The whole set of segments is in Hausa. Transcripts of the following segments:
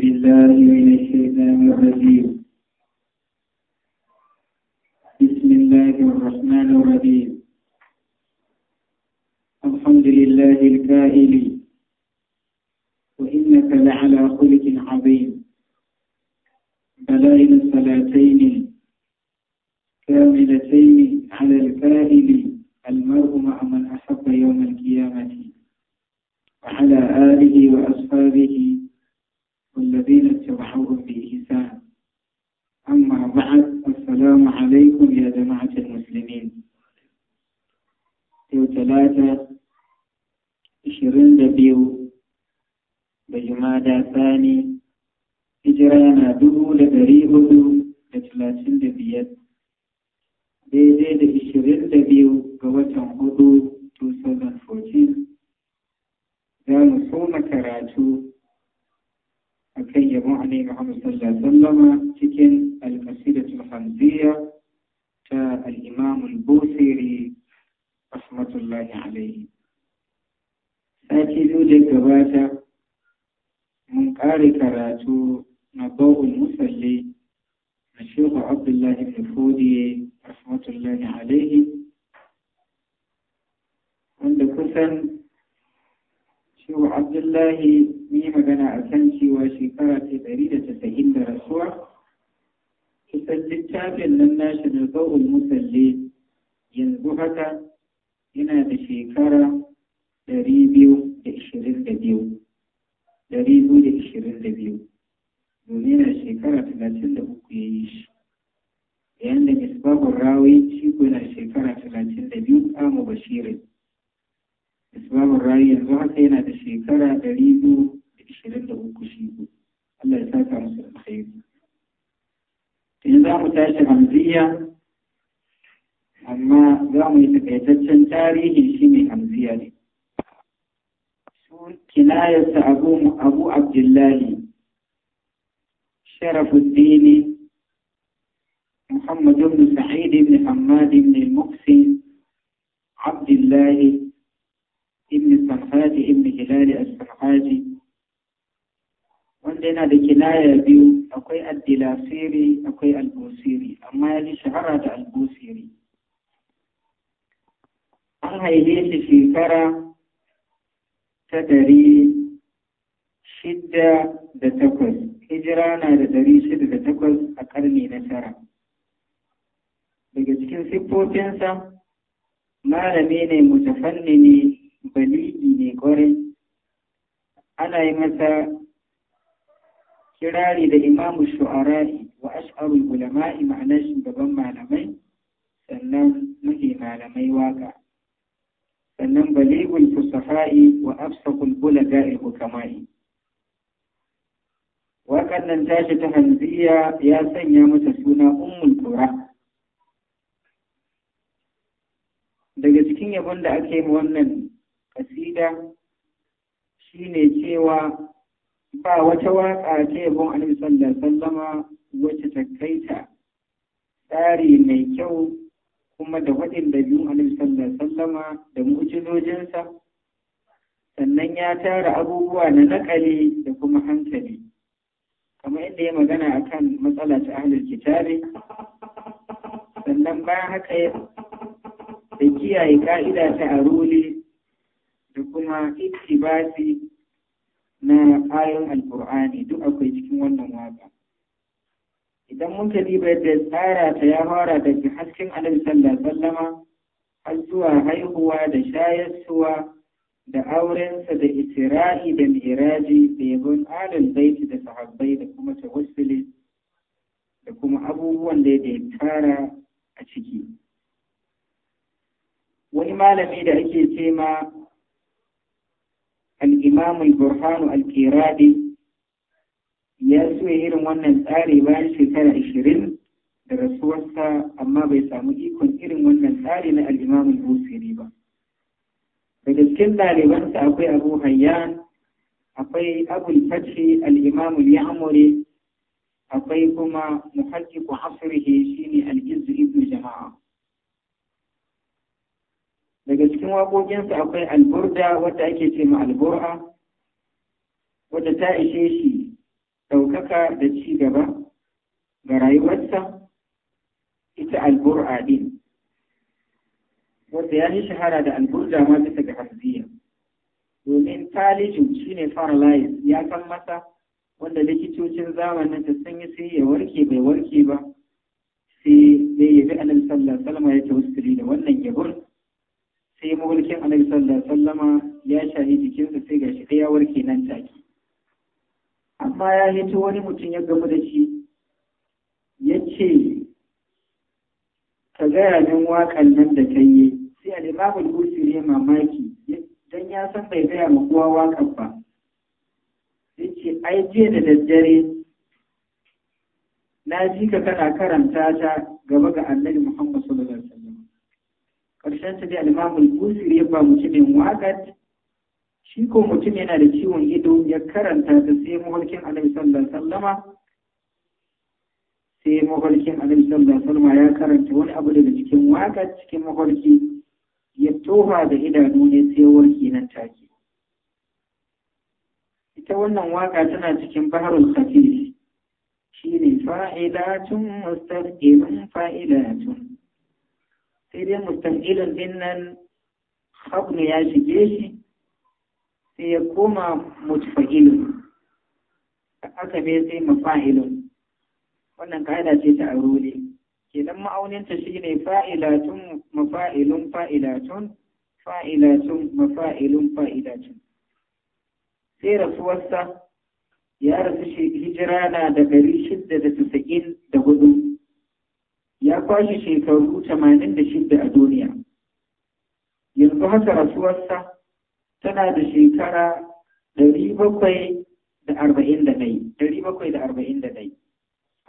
بالله من الشيطان الرجيم بسم الله الرحمن الرحيم الحمد لله الكائل sati biyu da gabata mun ƙare karatu na bawul musalli na shehu abdullahi ibn fodiye rahmatullahi alaihi wanda kusan shehu abdullahi mun yi magana a kan cewa shekara ta ɗari da tasa'in da rasuwa kusan littafin nan nashi na bawul musalli yanzu haka yana da shekara Dari biyu da ishirin da biyu dari biyu da ishirin da biyu domin na shekara talatin da uku ya yi shi yayin da misbahun rawi ciko na shekara talatin da biyu kamu bashirin misbahun rawi yanzu haka yana da shekara dari biyu da ishirin da uku shi, shiko Allah ya saka musu alkhairi in za mu tashi hamziya amma za mu yi takaitaccen tarihi shi mai hamziya ne kinayarsa abu abu abdullahi شرف الدين محمد بن سعيد بن حماد بن المقسي عبد الله بن الصنحاج بن هلال wanda yana da kinaya biyu akwai addilasiri akwai albusiri amma ya shahara da albusiri an haife ni shekara ta ɗari shida da takwas hijira na da ɗari shida da takwas a ƙarni na tara daga cikin siffofinsa malami ne mutafanni ne baligi ne kwarai ana yi masa kirari da imamu shu'ara'i wa ash'arul ulama'i ma'anashin shugaban malamai sannan muke malamai waka sannan baligul fusafa'i wa afsakul bulaga'il hukama'i waƙar nan tashi ta hanziya ya sanya mata suna ummul tura daga cikin yabon da ake yi wannan kasida shine cewa ba wata waƙa ta yabon annabi sallallahu sallama wacce ta kaita tsari mai kyau kuma da waɗin da biyu annabi sama da mu'jizojinsa sannan ya tara abubuwa na nakali da kuma hankali kamar yadda ya magana a kan matsala ta ahalar kitabi sannan bayan haka da kiyaye ka'ida ta aruli da kuma ittibasi na ayon alkur'ani duk akwai cikin wannan waka idan mun diba yadda tsara ta ya fara daga hasken annabi sallallahu sallama. har zuwa haihuwa da shayarsuwa da aurensa da itira'i da miraji da yabon alin baiti da sahabbai da kuma tawassuli da kuma abubuwan da ya tara a ciki wani malami da ake ce ma al burhanu al ya so irin wannan tsari bayan shekara ashirin da rasuwarsa amma bai samu ikon irin wannan tsari na al'imamun busiri ba daga cikin ɗalibansa akwai abu hayyan akwai abul al’imamun ya amure, akwai kuma muhajjiku shi ne al'izu ibu jama'a daga cikin waƙoƙinsa akwai alburda wadda ake ce ma albura wadda ta ishe shi ɗaukaka da ci gaba ga rayuwarsa ita albur'a din wanda ya yi shahara da alburja ma bisa ga hafziya domin talijin shi ne paralyze ya san masa wanda likitocin zamanin ta sun yi sai ya warke bai warke ba sai ya bi annabi sallallahu alaihi wasallam ya tawassuli da wannan yabur sai mulkin annabi sallallahu alaihi wasallam ya shahi jikinsa sai gashi ya warke nan take amma ya hito wani mutum ya gamu da shi ya ce ka gaya min wakan nan da ta yi sai al'imamul busiri ne mamaki don ya san bai gaya ma kowa wakan ba sai ce ai jiya da daddare na ji ka kana karanta ta gaba ga annabi muhammad sallallahu alaihi wasallam ƙarshen ta dai al'imamul busiri ya ba mutumin wakan? shi ko mutum yana da ciwon ido ya karanta ta sai mawarkin annabi sallallahu alaihi wasallama sai mafarkin annabi da salma ya karanta wani abu daga cikin waka cikin mafarki ya toha da idanu ne sai warki nan take ita wannan waka tana cikin baharul tun shine fa'ilatun mustaqilun tun. sai dai mustaqilun din nan khabnu ya shige shi sai ya koma mutfa'ilun aka me sai mafa'ilun wannan ka'ida ce ta arure kenan ma'auninta shine fa'ilatun mafa'ilun fa'ilatun fa'ilatun mafa'ilun fa'ilatun sai rasuwarsa ya rasu hijira na da gari shidda da tasa'in da hudu ya kwashe shekaru tamanin da shidda a duniya yanzu haka rasuwarsa tana da shekara ɗari bakwai da arba'in da ɗai ɗari bakwai da arba'in da ɗai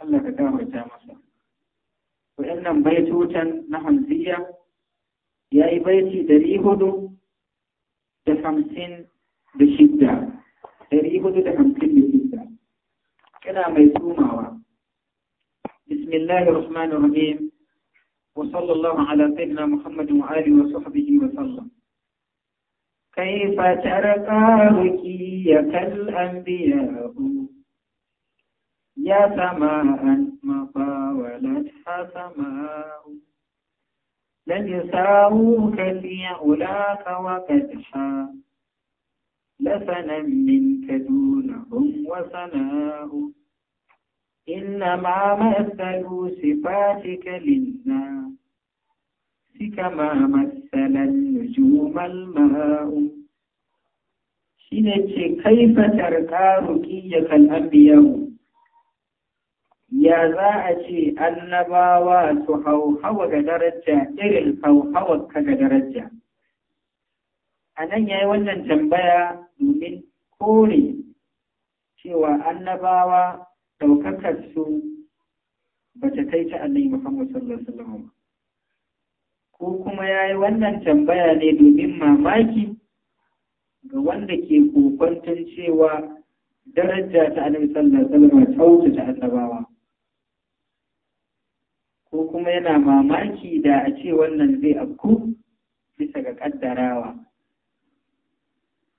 Allah ka gafarta masa waɗannan baitutan na hamziya ya yi baiti dari hudu da hamsin da shidda dari hudu da hamsin da shidda yana mai tumawa bismillahi rahmanir rahim wa sallallahu ala sayyidina muhammadin wa alihi wa sahbihi كيف يا سماء ما طاولت حسماء لن يساووك في أولاك وكدحا لسنا منك دونهم وسناء إنما مثل صفاتك للناس كما مثل النجوم الماء شنو كيف تركا رقيك الأنبياء ya za a ce annabawa su hauhawa ga daraja irin hauhawa ka ga daraja a nan ya yi wannan tambaya domin kore cewa annabawa su ba ta kai ta annabi Muhammad sallallahu alaihi wasallam ko kuma ya yi wannan tambaya ne domin mamaki ga wanda ke kokwantar cewa daraja ta annabi sallallahu alaihi ta wuce ta annabawa ko kuma yana mamaki da a ce wannan zai afku bisa ga kaddarawa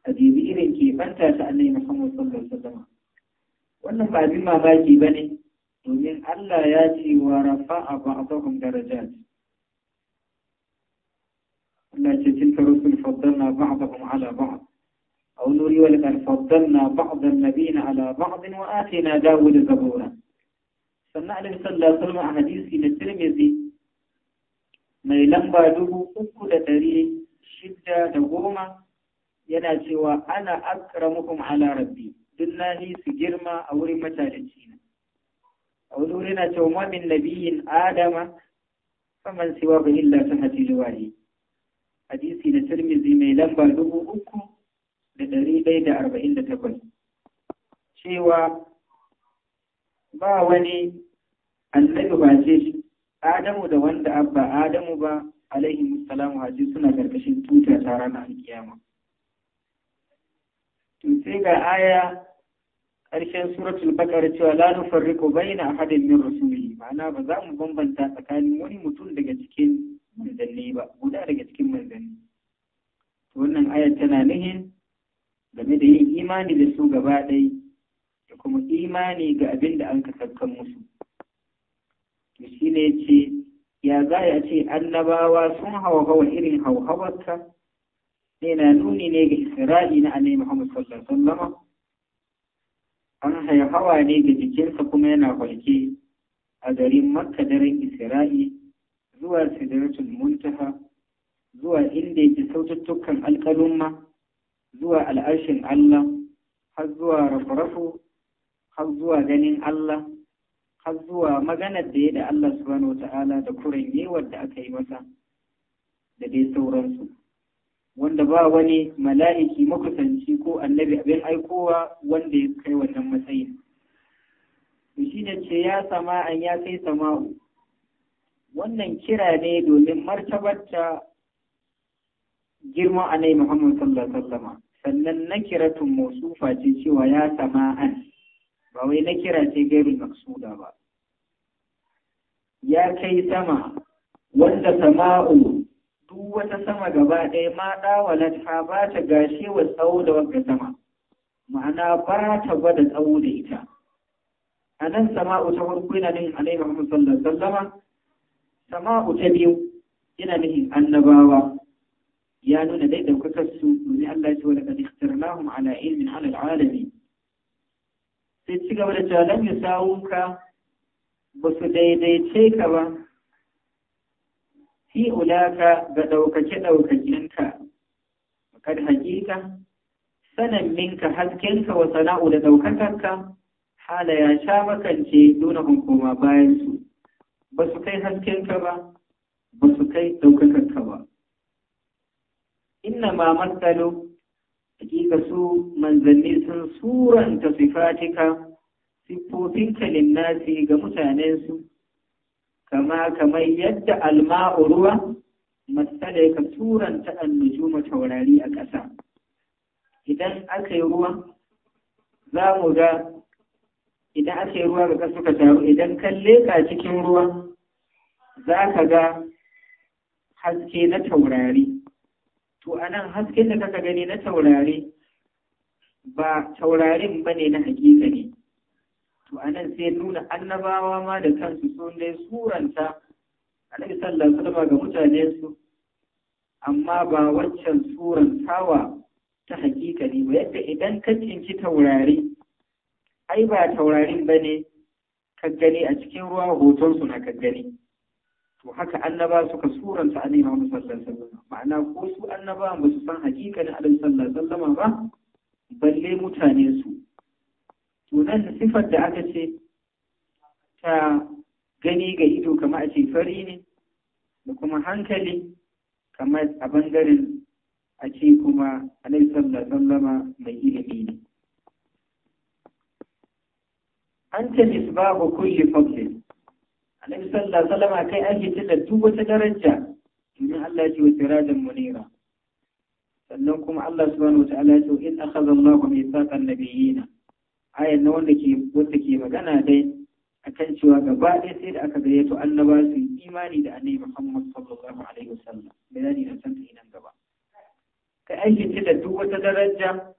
a jibi irin keɓanta ta annabi Muhammad sallallahu alaihi wasallam wannan ba abin mamaki ba ne domin Allah ya ce wa rafa'a ba'dahum darajat Allah ce tilka rusul faddalna ba'dahum ala ba'd أو نري ولقد فضلنا بعض النبيين على بعض وآتينا داود زبورا sannan annabi sallallahu alaihi wasallam a hadisi na Tirmidhi mai lamba dubu uku da ɗari shida da goma yana cewa ana akramukum ala rabbi duk na su girma a wurin matalici na a wani wuri na cewa mamin nabiyin adama saman siwa bai illa ta hajjil wahi hadisi na tirmizi mai lamba dubu uku da ɗari ɗaya da arba'in da takwas cewa ba wani annabi ba ce Adamu da wanda abba Adamu ba alaihi musalamu haji suna karkashin tuta ta ranar alkiyama. To sai ga aya ƙarshen suratul bakar cewa la nufarriqu baina ahadin min rusulihi ma'ana ba za mu bambanta tsakanin wani mutum daga cikin manzanni ba guda daga cikin manzanni. Wannan ayar tana nihin game da yin imani da su gaba ɗaya da kuma imani ga abin da an kasabkan musu. to shi ne ce ya za ya ce annabawa sun hauhawa irin hauhawarka ne na nuni ne ga isra'i na annabi muhammad sallallahu alaihi wasallam an haihawa ne ga jikinsa kuma yana kwalke a garin makka daren isra'i zuwa sidratul muntaha zuwa inda yake saututtukan alƙalumma zuwa al'arshin Allah har zuwa rafu-rafu har zuwa ganin Allah har zuwa maganar da ya da Allah subhanahu ta'ala da yi wadda aka yi masa da dai sauransu wanda ba wani mala'iki makusanci ko annabi abin aikowa wanda ya kai wannan matsayin shi ne ce ya sama an ya kai sama'u wannan kira ne domin martabarta girma a nai Muhammad sallallahu alaihi sannan na kiratun mausufa ce cewa ya sama'an ba wai na kira ce gairul maksuda ba ya kai sama wanda sama'u duk wata sama gaba ɗaya ma ɗawalat ha ba ta gashe wa tsawo da wanka sama ma'ana ba ta gwada tsawo da ita a nan sama'u ta farko yana nufin alaihi muhammad sallallahu alaihi sama'u ta biyu yana nufin annabawa ya nuna dai daukakar su domin Allah ya ce wa laqad ala ilmin ala alamin sai ci gaba da cewa lam yusawuka ba su daidaice ka ba fi ulaka ga ɗaukake ɗaukakenka kan hakika sanan minka haskenka wa sana'u da ɗaukakarka hala ya sha makance nuna hukuma bayan su ba su kai haskenka ba ba su kai ɗaukakarka ba inna ma matsalo hakika su manzanni sun suranta sifatika siffofinka linnasi ga mutanensu kama kamar yadda alma'u ruwa matsala ka suranta annujuma taurari a ƙasa idan aka yi ruwa za mu ga idan aka yi ruwa ga suka taru idan kan leƙa cikin ruwa za ka ga haske na taurari to anan hasken da kaka gani na taurari ba taurarin ba ne na hakika ne to a nan sai nuna annabawa ma da kansu su dai suranta a sallallahu alaihi wasallam ga mutane su amma ba wancan surantawa ta hakika ne ba yadda idan ka cinci taurari ai ba taurarin ba ne ka gani a cikin ruwa hoton su na ka to haka annaba suka suranta a nema mu sallallahu ma'ana ko su annaba ba su san hakikanin alaihi sallallahu ba balle mutane su to nan sifar da aka ce ta gani ga ido kama a ce fari ne da kuma hankali kamar a bangaren a ce kuma alaihi sallallahu mai ilimi ne anta misbahu kulli fadli annabi sallallahu alaihi wasallam kai ake tillar duk wata daraja domin Allah ce wa sirajan munira sannan kuma Allah subhanahu wataala ya ce in akhadha Allah mithaqan nabiyina ayan na wanda ke wanda ke magana dai akan cewa gaba ɗaya sai da aka gayyato annaba su yi, imani da annabi Muhammad sallallahu alaihi wasallam bayani na san nan gaba kai ake tillar duk wata daraja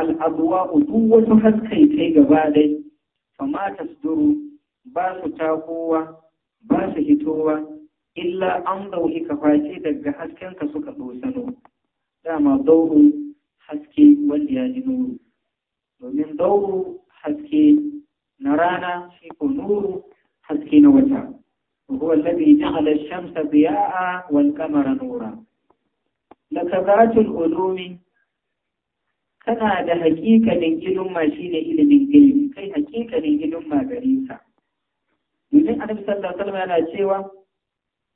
al-abwa duk wasu haskai kai gaba dai fama tasduru ba su takowa ba su hitowa illa an dauki kafaci daga haskenka suka dosano dama dauru haske wanda ya ji nuru domin dauru haske na rana shi ko nuru haske na wata هو الذي جعل الشمس ضياء والقمر نورا لكذات العلوم kana da hakikanin hakikalin ilimma shine ilimin ilimi kai hakikalin ilimma gare sa domin annabi sallallahu alaihi wasallam yana cewa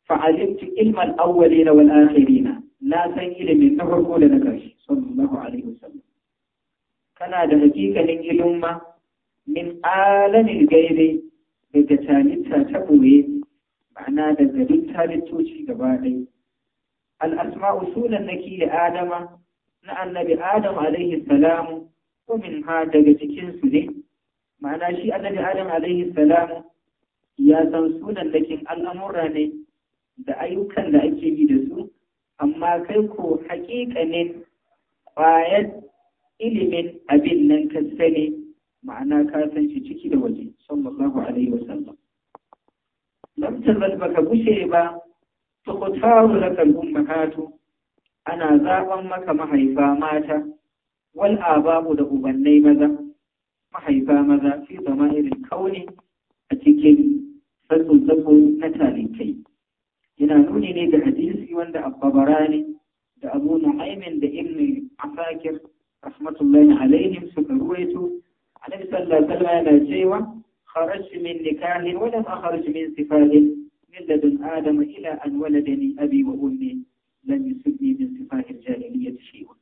fa'alimtu ilmal awwalina wal akhirina na san ilimin na farko da na ƙarshe sallallahu alaihi wasallam kana da hakikanin ilimin ma min alamin gaibe daga talitta ta ɓoye ma'ana da garin talittoci gaba ɗaya al'asma'u sunan naki da adama na annabi adam alaihi salamu ko min ha daga cikinsu ne ma'ana shi annabi adam alaihi salamu ya san sunan dakin al'amura ne da ayyukan da ake yi da su amma kai ko hakikanin ƙwayar ilimin abin nan ka sani ma'ana ka san shi ciki da waje sallallahu alaihi sallam. lam ba baka gushe ba da kalbun ummahatu ana zaban maka mahaifa mata wal ababu da ubannai maza mahaifa maza fi zama irin kauni a cikin tsatsun tsatsun na tarin kai yana nuni ne ga hadisi wanda abbabarani da abu nu'aymin da ibn asakir rahmatullahi alaihim suka ruwaito annabi sallallahu alaihi wasallam yana cewa kharajtu min nikahin wa lam akhruj min sifahin min ladun adama ila an waladani abi wa ummi lam yusibni min sifahil jahiliyyati shay'un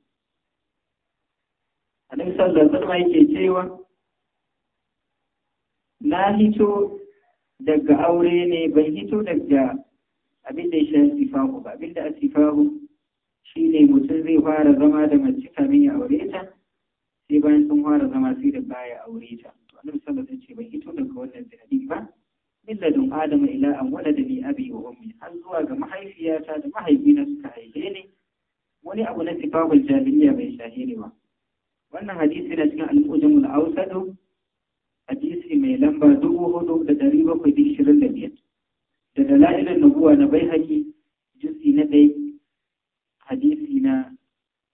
annabi sallallahu alaihi wasallam yake cewa na hito daga aure ne bai hito daga abin da ya shafi ba abin da a sifahu shi ne mutum zai fara zama da mace kamin ya aure ta sai bayan sun fara zama sai da baya aure ta to annabi sallallahu alaihi ce bai hito daga wannan zinadi ba dun adama ila an wala da ni abi wa ummi har zuwa ga mahaifiyata da mahaifina suka haife ni wani abu na sifahu jahiliya bai shahiri ba wannan hadisi na cikin al-ujumul awsadu mai lamba dubu hudu da dari bakwai da ishirin da biyar da dala'ilin nubuwa na bai haƙi jinsi na ɗai hadisi na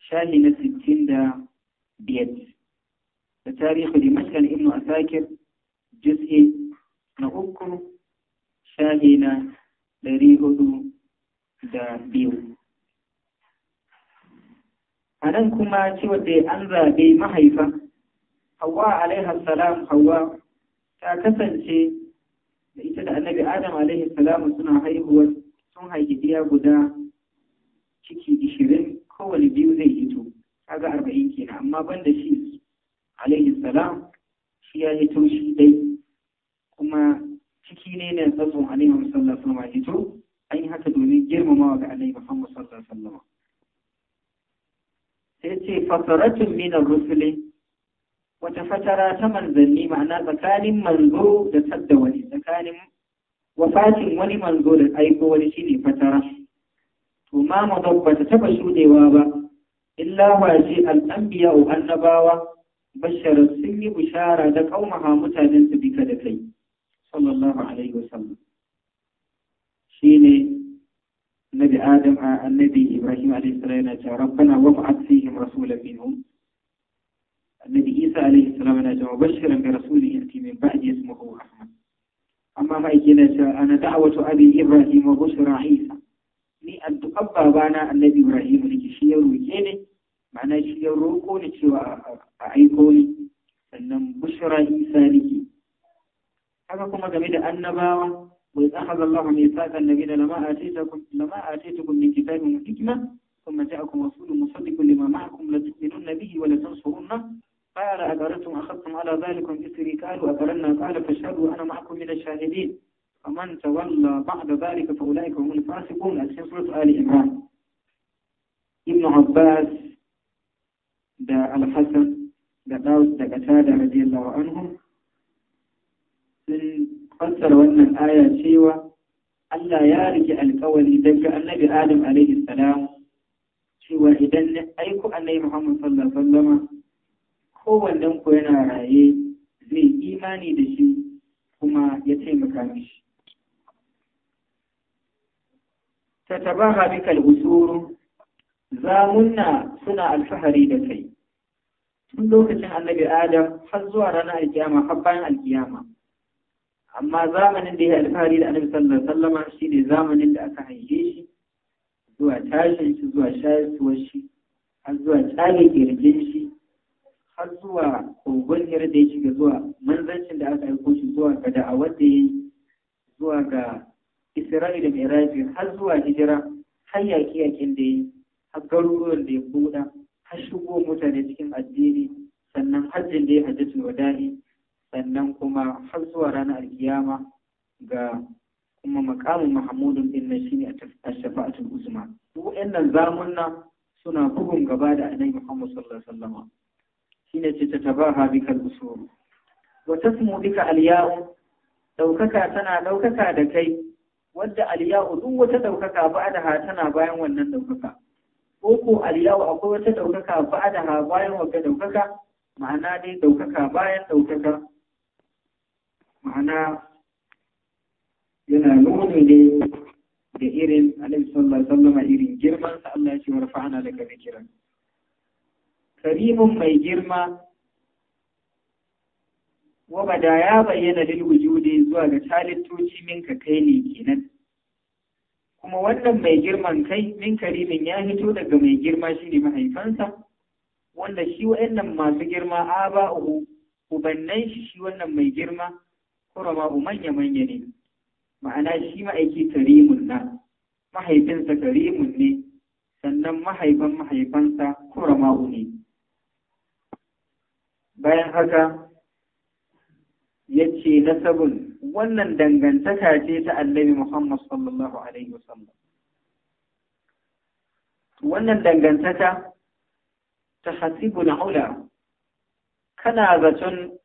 shahi na sittin da biyar da tarihi dimashkan ibnu asakir jinsi na uku shahi na ɗari hudu da biyu a nan kuma cewa da an zaɓe mahaifa hawa alaihi salam hawa ta kasance da ita da annabi adam alaihi salamu suna haihuwar sun haihi ɗiya guda ciki ishirin kowane biyu zai hito kaga arba'in kenan amma ban da shi alaihi salam shi ya hito shi dai kuma ciki ne na tsatson alaihi sallallahu alaihi ma hito an yi haka domin girmamawa ga alaihi muhammad sallallahu alaihi wasallam sai ce fasaratun minar rusulin wata fatara ta manzanni ma'ana tsakanin manzo da sadda wani tsakanin wafatin wani manzo da aiko wani shine fatara to ma ba ta taba shudewa ba illa waje al'anbiya wa annabawa bashara sun yi bishara da kaumaha mutanen su bika da kai sallallahu alaihi wasallam shine nabi adam annabi ibrahim alaihi salam yana cewa rabbana wab'ath fihim rasulan minhum annabi isa alaihi salam yana cewa bashiran bi rasulin yati min ba'di ismuhu ahmad amma mai yana cewa ana da'watu abi ibrahim wa bushra isa ni addu'ar babana annabi ibrahim ne shi ya roke ne ma'ana shi ya roko cewa a aiko ne sannan bushra isa ne haka kuma game da annabawa وإذ أخذ الله ميثاق النبيين لما آتيتكم لما آتيتكم من كتاب وحكمة ثم جاءكم رسول مصدق لما معكم لتؤمنن به ولتنصرنه قال أبرتم أخذتم على ذلكم إسري قالوا أبرنا قال فاشهدوا أنا معكم من الشاهدين فمن تولى بعد ذلك فأولئك هم الفاسقون أسين سورة آل عمران ابن عباس دا الحسن دا داود دا قتادة رضي الله عنهم sun fassara wannan الآية cewa Allah ya rike alkawari daga annabi Adam alaihi salam cewa idan na aiko annabi Muhammad sallallahu kowannen ku yana raye zai imani da shi kuma ya taimaka mishi tatabaha bikal usuru zamunna suna alfahari da kai tun lokacin annabi adam har zuwa ranar alkiyama har bayan alkiyama amma zamanin da ya alfahari da annabi sallallahu alaihi shi shine zamanin da aka haife shi zuwa tashin shi zuwa shayarwar shi har zuwa tsage kirjin shi har zuwa kogoniyar da ya shiga zuwa manzancin da aka aiko shi zuwa ga da'awar da ya yi zuwa ga isra'ila mai rafi har zuwa hijira har yaƙi yaƙin da ya yi har garuruwan da ya buɗa har shigo mutane cikin addini sannan hajjin da ya hajjatul wada'i sannan kuma har zuwa ranar alkiyama ga kuma makamin mahamudun din nan shine a shafa'atul uzma waɗannan zamunna suna bugun gaba da annabi Muhammad sallallahu alaihi wasallam shine ce ta tabaha kal usul wa tasmu bika al-ya'u daukaka tana daukaka da kai wadda al-ya'u duk wata daukaka ba'daha tana bayan wannan daukaka ko ko al-ya'u akwai wata daukaka ba'daha bayan wata daukaka ma'ana dai daukaka bayan daukaka ma'ana yana nuni ne da irin alaihi sallallahu alaihi wasallam irin girman sa Allah ya ce warfa'ana daga zikiran karimun mai girma wabada ya bayyana lil wujudi zuwa ga talittoci minka kai ne kenan kuma wannan mai girman kai min karimin ya hito daga mai girma shine mahaifansa wanda shi wa'annan masu girma aba uku ubannan shi shi wannan mai girma kurama manya manya ne ma'ana shi ma'aiki karimun na mahaifinsa karimun ne sannan mahaifan mahaifansa ma'u ne bayan haka ya ce nasabun wannan dangantaka ce ta annabi Muhammad sallallahu Alaihi wasallam. Wannan dangantaka ta hasibun aula kana zaton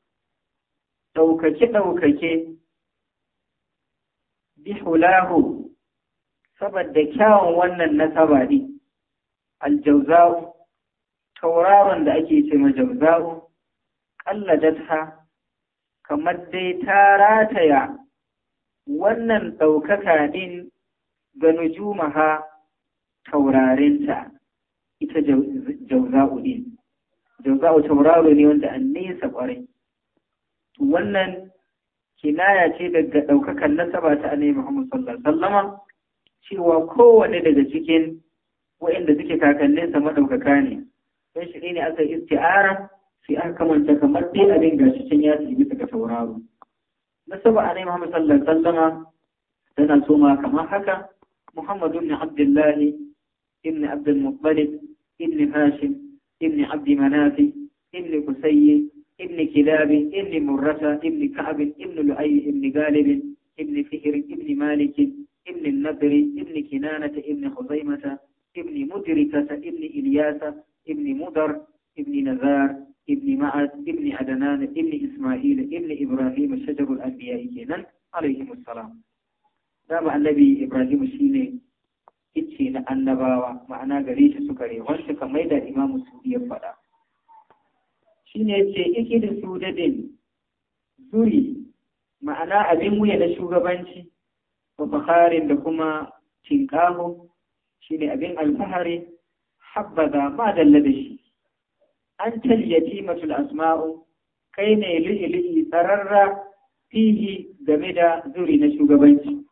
ɗaukake-ɗaukake bihulahu saboda kyawun wannan nasaba ne aljauzaru tauraron da ake ce ma jauza'u kallajatha kamar dai ta rataya wannan ɗaukaka ɗin ga nujumaha taurarinta ita jauza'u ne jauza'u tauraro ne wanda an nesa ƙwarai wannan kinaya ce daga ɗaukakan nasaba ta annabi Muhammad sallallahu alaihi cewa kowanne daga cikin waɗanda suke kakanninsa maɗaukaka ne don shi ne aka isti'ara في aka kamanta kamar dai abin gashi can ya tafi bisa ga sauraro na saba a nema masallar sallama tana so محمد بن عبد الله ابن عبد المطلب ابن هاشم ابن عبد مناف ابن قسي ابن كلاب ابن مرة ابن كعب ابن لؤي ابن غالب ابن فهر ابن مالك ابن النضر ابن كنانة ابن خزيمة ابن مدركة ابن إلياس ابن مدر ابن نزار ابن معد ابن عدنان ابن إسماعيل ابن إبراهيم شجر الأنبياء kenan عليهم السلام dama annabi Ibrahim shine ice na annabawa ma'ana gare shi suka wanda kamar da Imam Sudi ya faɗa shine yace ikid sudadin zuri ma'ana abin wuya na shugabanci wa fakharin da kuma tinkaho shine abin alfahari habbaza ba dalla da shi an yatimatu al asma'u kai ne li'ili'i tsararra fihi game da zuri na shugabanci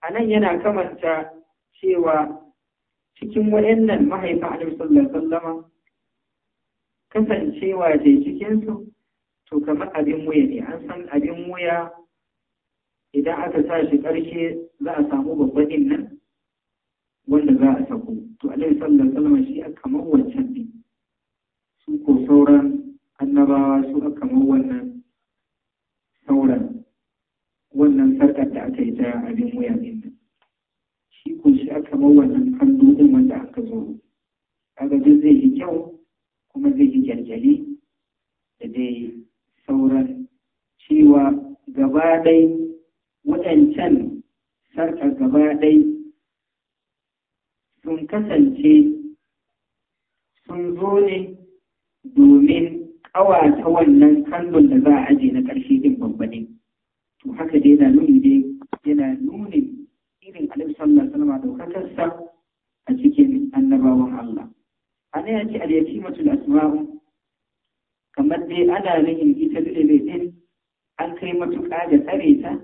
a nan yana kamanta cewa cikin wayannan mahaifin alaihi sallallahu kasancewa da cikinsu to kamar abin waya ne an san abin waya idan aka sa shi ƙarshe za a samu babbaɗin nan wanda za a sako to alaihi sallallahu alaihi shi a wancan ne su ko sauran annabawa su a kamar wannan sauran wannan sarkar da aka yi ta abin wuya din nan shi ko shi a kamar wannan kallo din wanda aka zo Daga duk zai yi kyau kuma zai yi gyalgyali da dai sauran cewa gaba ɗai waɗancan sarkar gaba ɗai sun kasance sun zo ne domin ƙawata wannan kallon da za a aje na ƙarshe din babba ne to haka dai yana nuni dai yana nuni irin alif sallallahu alaihi wasallam daukakarsa a cikin annabawan Allah A ana a ce al-yatimatul asma'u kamar dai ana rahin ita lulube din an kai matuƙa da tsare ta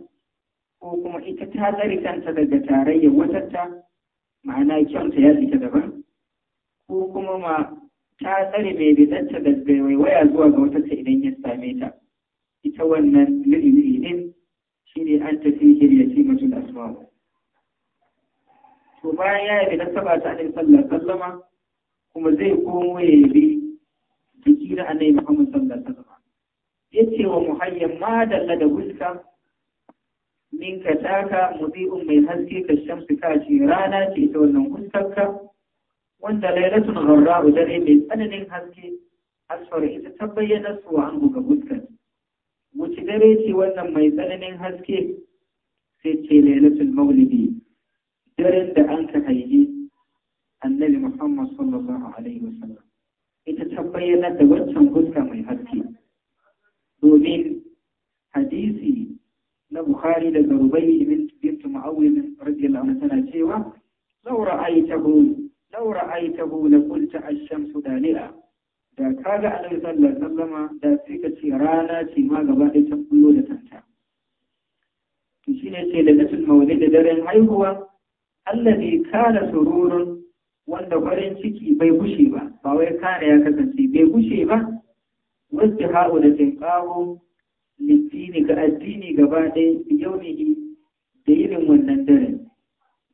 ko kuma ita ta tsare kanta daga tarayyar watarta ma'ana kyauta ya fita daban ko kuma ma ta tsare mai bidanta da waya zuwa ga wata ta idan ya same ta ita wannan lu'ili din ne an tafi hiryati da suwa to bayan ya yi yabi nasaba ta ne sallar sallama kuma zai komo ya yi jiki da annabi Muhammad sallar sallama Ya ce wa muhayyan ma da da wuska min ka taka mudi'un mai haske ka shamsu kashi rana ce ta wannan huskarka wanda lailatul gharra dare mai tsananin haske asfar ita ta bayyana su an ga fuskar wuce dare ce wannan mai tsananin haske sai ce lailatul maulidi daren da an ka haihi annabi muhammad sallallahu alaihi wasallam ita ta bayyana da wancan fuska mai haske domin hadisi na bukhari daga rubai ibn bint mu'awwid radiyallahu anhu tana cewa law ra'aytahu لو رأيته لقلت الشمس دانئة da kaga annabi sallallahu alaihi wasallama da sai ka ce rana ce ma gaba ɗaya ta kullo da kanta to shine ce daga latul mawlid da daren haihuwa Allah allazi kana sururun wanda farin ciki bai gushe ba ba wai kana ya kasance bai gushe ba wasu ha'u da tinkawo litini ga addini gaba ɗaya yau ne da irin wannan daren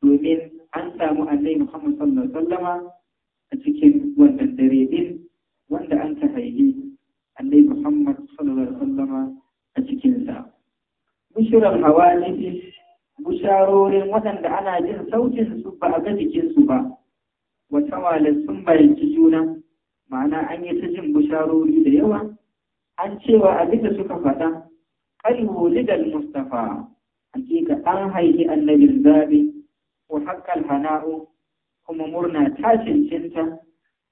domin an samu annabi Muhammad sallallahu alaihi wasallama a cikin wannan dare din wanda an ta haihi annabi Muhammad sallallahu alaihi wasallama a cikin sa bushirar hawalifi busharorin waɗanda ana jin sautin su ba a ga jikin su ba wata malan sun bayanci juna ma'ana an yi ta jin busharori da yawa an cewa abin da suka faɗa kai wulidal mustafa ga an haihi annabin zabi ko haƙƙal hana'u kuma murna ta cancanta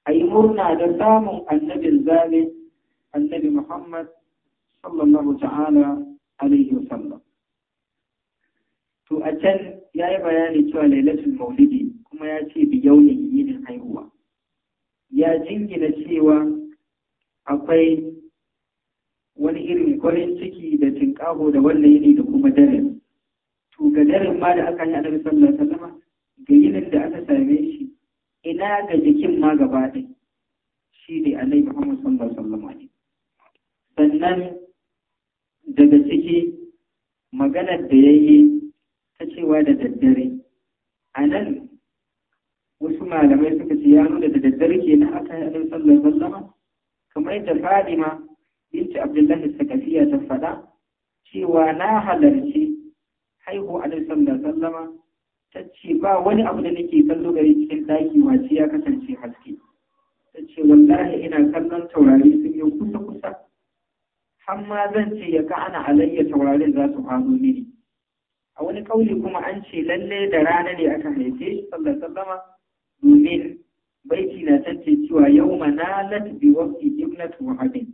a yi murna da samun annabin zabe annabi Muhammad sallallahu ta'ala alaihi wasallam. To a can ya yi bayani cewa lailatul maulidi kuma ya ce bi yaunin yinin haihuwa. Ya jingina cewa akwai wani irin kwarin ciki da tinƙaho da wannan yini da kuma dare to ga daren ma da aka yi annabi sallallahu alaihi wasallam ga yinin da aka same shi ina ga jikin ma gaba ɗaya shi ne annabi Muhammad sallallahu alaihi wasallam sannan daga ciki maganar da ya yi ta cewa da daddare a nan wasu malamai suka ce ya nuna da daddare ke na aka yi annabi sallallahu alaihi wasallam kamar yadda Fadima binti Abdullahi Sakafiya ta faɗa cewa na halarci zama ta ce ba wani abu da nake kallo gari cikin ɗaki wace ya kasance haske ta ce wallahi ina kallon taurari sun yi kusa kusa har ma zan ce ya ka ana alayya taurarin za su hazo mini a wani kauli kuma an ce lalle da rana ne aka haife shi sallar sallama domin baiti na tace cewa yau lati bi waqti ibnatu wahabin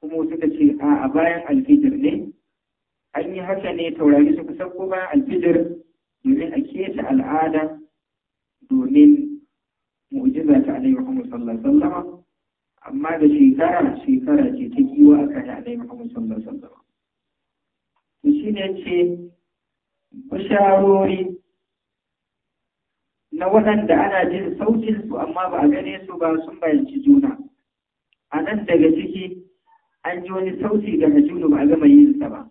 kuma suka ce a bayan alfijir ne an yi haka ne taurari suka ko ba alfijir domin a keta al'ada domin mu'jiza ta alaihi Muhammad sallallahu alaihi amma da shekara shekara ce ta kiwa aka yi alaihi Muhammad sallallahu alaihi Su to ne ce bisharori na waɗanda ana jin sautin su amma ba a gane su ba sun bayanci juna a nan daga ciki an ji wani sauti daga juna ba a gama yin sa ba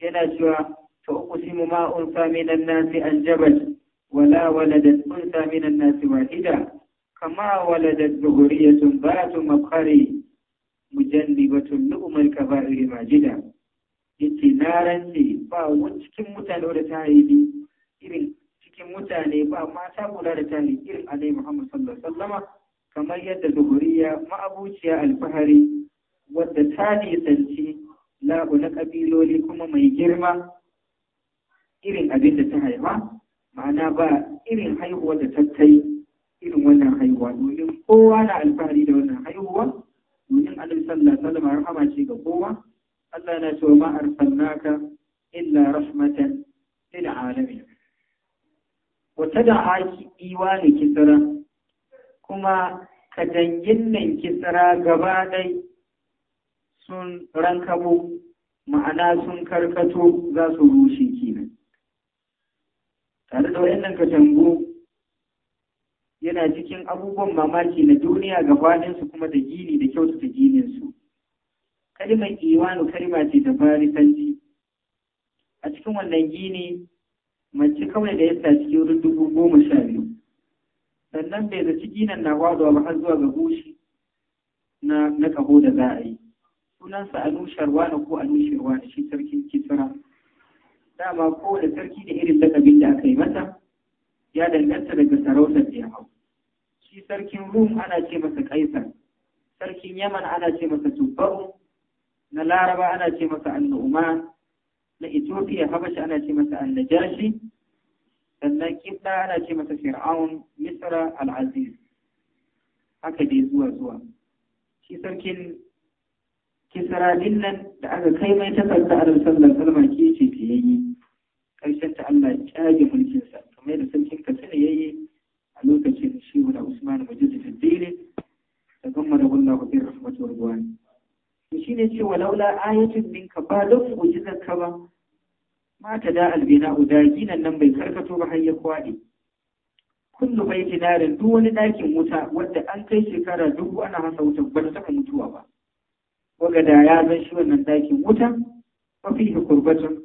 yana cewa ta usimu ma unsa minan nasi aljabal wala waladat unsa minan nasi wahida kama waladat bughriyatun batu mabkhari mujannibatun lu'umal kaba'ir majida yace na rantse ba wani cikin mutane da ta haifi irin cikin mutane ba mata guda da ta haifi irin alai muhammad sallallahu alaihi wasallama kamar yadda zuhuriya ma'abuciya alfahari wadda ta nisanci labu na ƙabiloli kuma mai girma irin abin da ta haifa ma'ana ba irin haihuwa da tattai irin wannan haihuwa domin kowa na alfahari da wannan haihuwa domin annabi Sallah, sallah wasallam rahama ce ga kowa Allah yana cewa ma arsalnaka illa rahmatan lil alamin wata da aki iwa ne kisra kuma ka dangin nan kisra gaba ɗaya sun rankabo ma'ana sun karkato za su rushe kenan tare da ka katangu yana cikin abubuwan mamaki na duniya ga faɗinsu kuma da gini da kyautata gininsu kalimar iwanu kalima ce da farisanci a cikin wannan gini mace kawai da yasa cikin wurin dubu goma sha biyu sannan bai zaci ginin na hwazuwa har zuwa ga gushi na kaho da za a yi sunansa da ko nusharwa da shi sarkin kisra dama da sarki da irin lakabin da aka yi masa ya danganta daga sarautar da ya hau shi sarkin rum ana ce masa kaisar sarkin yaman ana ce masa tubbaru na laraba ana ce masa annu'uma na ethiopia habasha ana ce masa annajashi sannan kibla ana ce masa fir'aun misra al'aziz haka dai zuwa zuwa shi sarkin kisara din nan da aka kai mai takarda a rasar da salma ke ce ta yayi ƙarshen ta Allah ya kyage mulkinsa kamar da sarkin katsina ya yi a lokacin shi wani usman majid da dire da gama da wallah wa bin rahmatu ne shi ne ce walaula ayatin ka ba don mu'jizar ka ba ma ta da albina udaginan nan bai karkato ba har ya kwaɗe kullum bai tinarin duk wani ɗakin wuta wadda an kai shekara dubu ana hasa wuta ba ta taɓa mutuwa ba waga da ya zan shi wannan ɗakin wuta mafi da kurbatun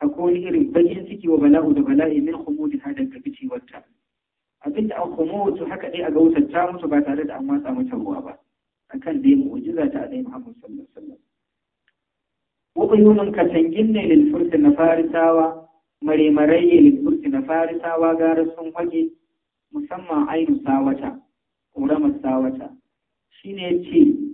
a kowane irin bakin ciki wa bala'u da bala'i min humudin hadan ga wata abin da an humudu haka dai a ga wutar ta mutu ba tare da an watsa mata ruwa ba akan dai mu'jiza ta alaihi Muhammad sallallahu alaihi wasallam wa uyunun katangin ne lil furti na farisawa maremarai lil furti na farisawa gara sun wage musamman ainu sawata ƙuramar sawata shine ce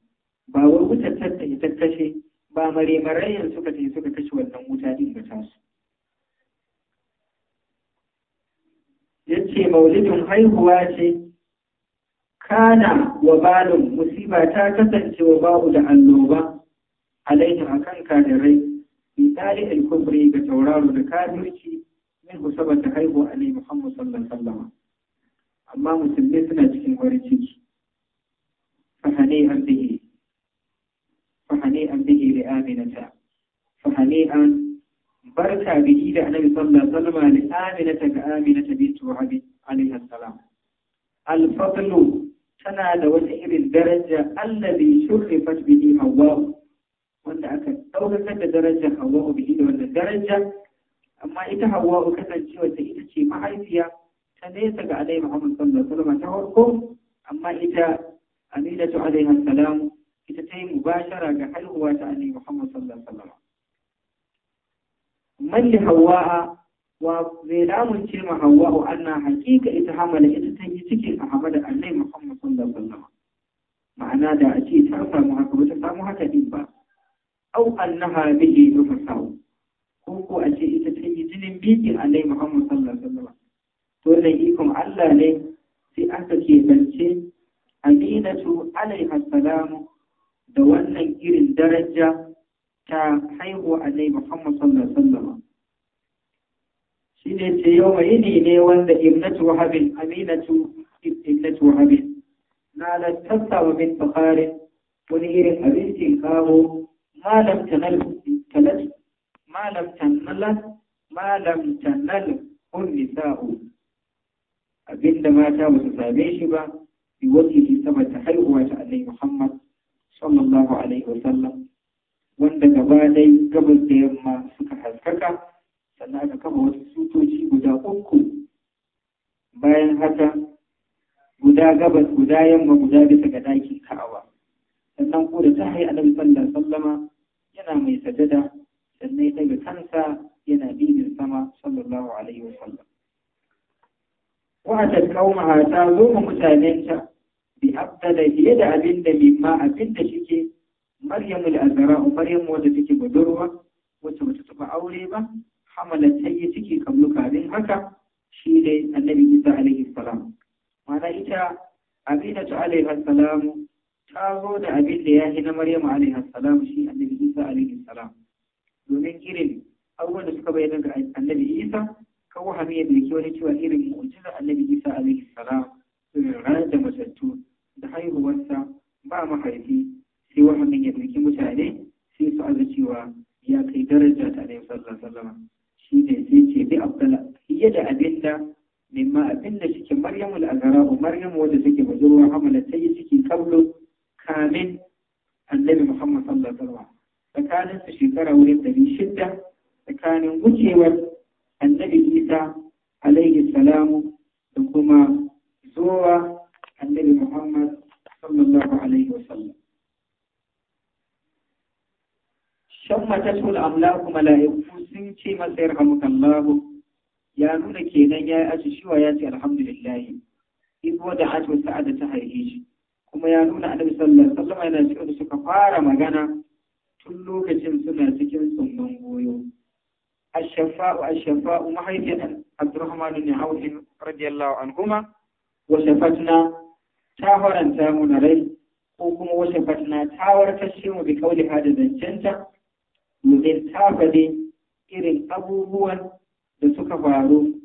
ba wai wutar ta ita kashe ba maremarayen suka ce suka kashe wannan wuta din ga ta yace maulidin haihuwa ce kana wa balun musiba ta kasance wa babu da annoba alaihi akan rai, misali al-kubri ga tauraro da kafirci min husaba ta haihu alaihi muhammad sallallahu alaihi wasallam amma musulmi suna cikin farin ciki fa hane an bihi فهنيئا به لآمنة فهنيئا بركة به لأنه صلى الله عليه وسلم لآمنة كآمنة بنت وهب عليه السلام الفضل تنال وسعر الدرجة الذي شرفت به حواء wanda aka ɗaukakar da darajar hawa'u bihi da wannan daraja amma ita hawa'u kasancewa ta ita ce mahaifiya ta nesa ga alai muhammad sallallahu ta farko amma ita aminatu ita ta yi mubashara ga haihuwa ta annabi Muhammad sallallahu alaihi wasallam man li hawa wa zai lamun ce ma hawa'u anna hakika ita hamala ita ta yi cikin a hamada annabi Muhammad sallallahu alaihi wasallam ma'ana da a ce ta samu haka ba ta samu haka din ba au annaha bihi tufasau ko ko a ce ita ta yi jinin biki annabi Muhammad sallallahu alaihi wasallam to ikon Allah ne sai aka ke bance Aminatu alaihi salamu da wannan irin daraja ta haihuwa nai Muhammad sallallahu alaihi wasallam ne ce yau yini ne wanda ibnatu wahabin aminatu ibnatu wahabin na lantasta wa bin bukhari wani irin abincin kawo malam tanal tanal malam tanal malam tanal sa'u abinda mata ba su same shi ba bi wasi sama ta haihuwa ta annabi Muhammad sallallahu alaihi sallam, wanda gaba dai gabas da yamma suka haskaka sannan aka kama wasu sutoci guda uku bayan haka guda gabas guda yamma guda bisa ga dakin ka'awa sannan ko da ta hayi annabi sallallahu sallama yana mai sajada sannan ya daga kansa yana bibin sama sallallahu alaihi sallam wa ta kauma ta zo mu mutanenta bi afdala fiye da abin da mimma abin da shike maryamu da azara, maryamu wadda take budurwa wacce bata taba aure ba hamala ta yi ciki kamlu kafin haka shi dai annabi isa alaihi salam mana ita aminatu alaihi salam ta zo da abin da ya yi na maryamu alaihi salam shi annabi isa alaihi salam domin irin abubuwan da suka bayyana ga annabi isa kawo hamiyar da ke wani cewa irin mu'jizar annabi isa alaihi salam irin ranar da matattu da haihuwarsa ba mahaifi sai wahannan ya ɗauki mutane sai su aza cewa ya kai daraja ta alayhi sallallahu alaihi shi ne sai ce bi abdala fiye da abinda mimma abinda cikin maryamu al-azhara maryamu wanda take budurwa hamala ta yi ciki kablo kamin annabi muhammad sallallahu alaihi tsakanin su shekara wurin ɗari shida tsakanin wucewar ce masa yarhamukallahu ya nuna kenan ya yi aji shiwa ya ce alhamdulillahi. in wa da ajiyar sa'ada ta haihe shi kuma ya nuna annabi sallallahu alaihi yana cewa da suka fara magana tun lokacin suna cikin tsumman goyo A shafau ash-shafa'u mahaifiyatan abdurrahman ibn awfi radiyallahu anhuma wa ta faranta mu na rai ko kuma wa shafatna ta warkar shi mu bi kauli mu zai ta fade irin abubuwan da suka faru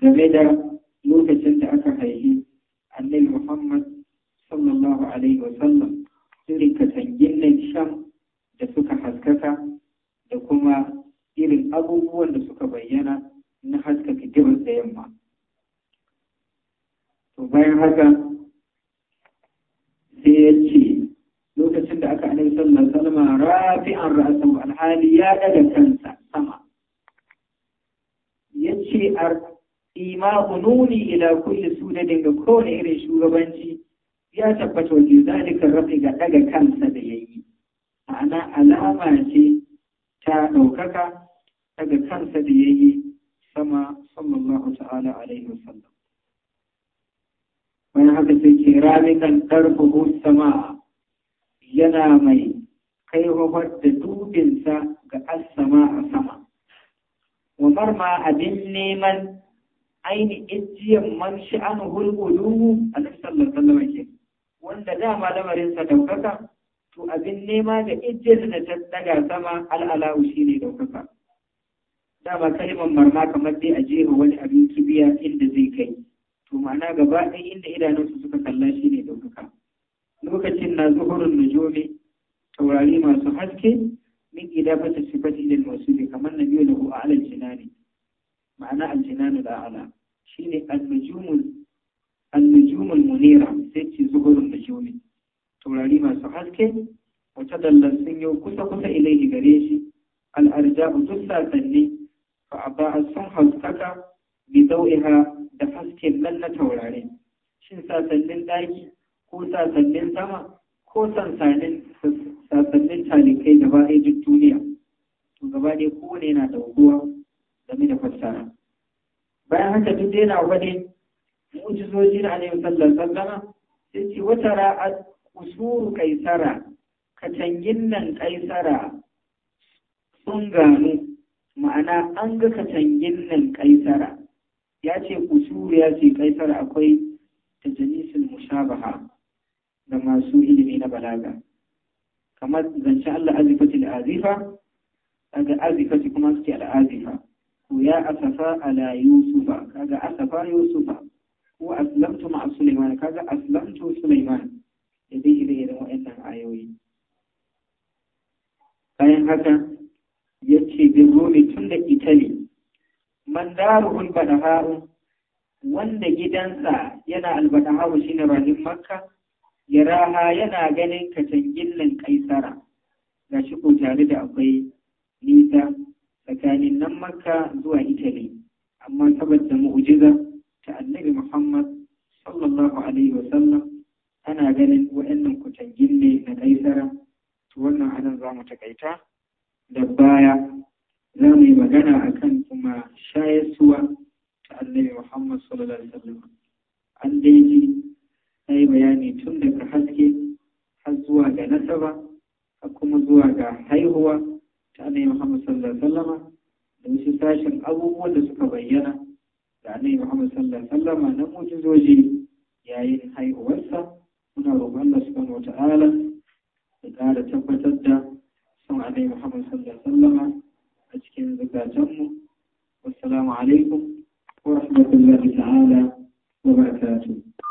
game da lokacin da aka haihi annabi Muhammad sallallahu alaihi wasallam irin katangin nan sham da suka haskaka da kuma irin abubuwan da suka bayyana na haskaka gabas da yamma. To bayan haka sai ya ce lokacin da aka annabi sallallahu alaihi wasallam rafi'an ra'sahu alhali ya daga kansa yace ar ima hununi ila kulli sudadin ga kowane irin shugabanci ya tabbata wa zalika rafi ga daga kansa da yayi ma'ana alama ce ta ɗaukaka daga kansa da yayi sama sallallahu ta'ala alaihi wasallam wani haka sai ke ramikan ɗarfuhu sama yana mai kaiwawar da dubinsa ga asama a sama Umar ma abin neman aini ijiyan man sha'an uluhu a sallallahu alaihi ke wanda dama lamarin sa daukaka to abin nema da ijiyar da ta daga sama shi shine daukaka dama kalimar marma kamar dai a jefa wani abin kibiya inda zai kai to ma'ana gaba ɗaya inda idanunsu suka kalla shine daukaka lokacin na zuhurin nujumi taurari masu haske min idafati sifati ila al-mawsuli kamar na lahu ala al-jinani ma'ana al-jinanu al-a'la shine al-nujumul al-nujumul munira sai ce zuhurun nujumi taurari masu haske wata dallar sun yi kusa kusa ilaihi gare shi al-arja'u duk sasanni fa aba'a sun haskaka bi dau'iha da hasken nan na taurari shin sasannin daki ko sasannin sama ko sansanin sakannin talikai gaba ɗaya duk duniya to gaba ɗaya kowane yana da ruwa game da fassara bayan haka duk da yana wani mu'jizoji na alaihi sallallahu sallama sai ce wata ra'a usuru kaisara katangin nan kaisara sun gano ma'ana an ga katangin nan kaisara ya ce usuru ya ce kaisara akwai tajanisul mushabaha da masu ilimi na balaga kamar zancen Allah azifati da azifa daga azifati kuma suke al'azifa ko ya asafa ala yusufa kaga asafa yusufa ko aslamtu ma sulaiman kaga aslamtu sulaiman idan dai ire iren wa'annan ayoyi bayan haka yace bin Rumi tun da itali man daruhul badaharu wanda gidansa yana albadaharu shine ranin makka yaraha yana ganin katangillan kaisara ga shi ko tare da akwai nisa tsakanin nan makka zuwa italy amma saboda mu'jiza ta annabi muhammad sallallahu alaihi Sallam, ana ganin waɗannan katangille na kaisara to wannan anan za mu takaita da baya za mu yi magana a kan kuma shayarsuwa ta annabi muhammad sallallahu alaihi wasallam an daidai na yi bayani tun daga haske har zuwa ga nasaba har kuma zuwa ga haihuwa ta annabi Muhammad sallallahu alaihi wasallama da wasu sashen abubuwan da suka bayyana da annabi Muhammad sallallahu alaihi wasallama na mujizoji yayin haihuwarsa muna roƙon Allah subhanahu wata'ala ya ƙara tabbatar da son annabi Muhammad sallallahu alaihi wasallama a cikin zukatanmu wassalamu alaikum wa rahmatullahi ta'ala wa barakatuh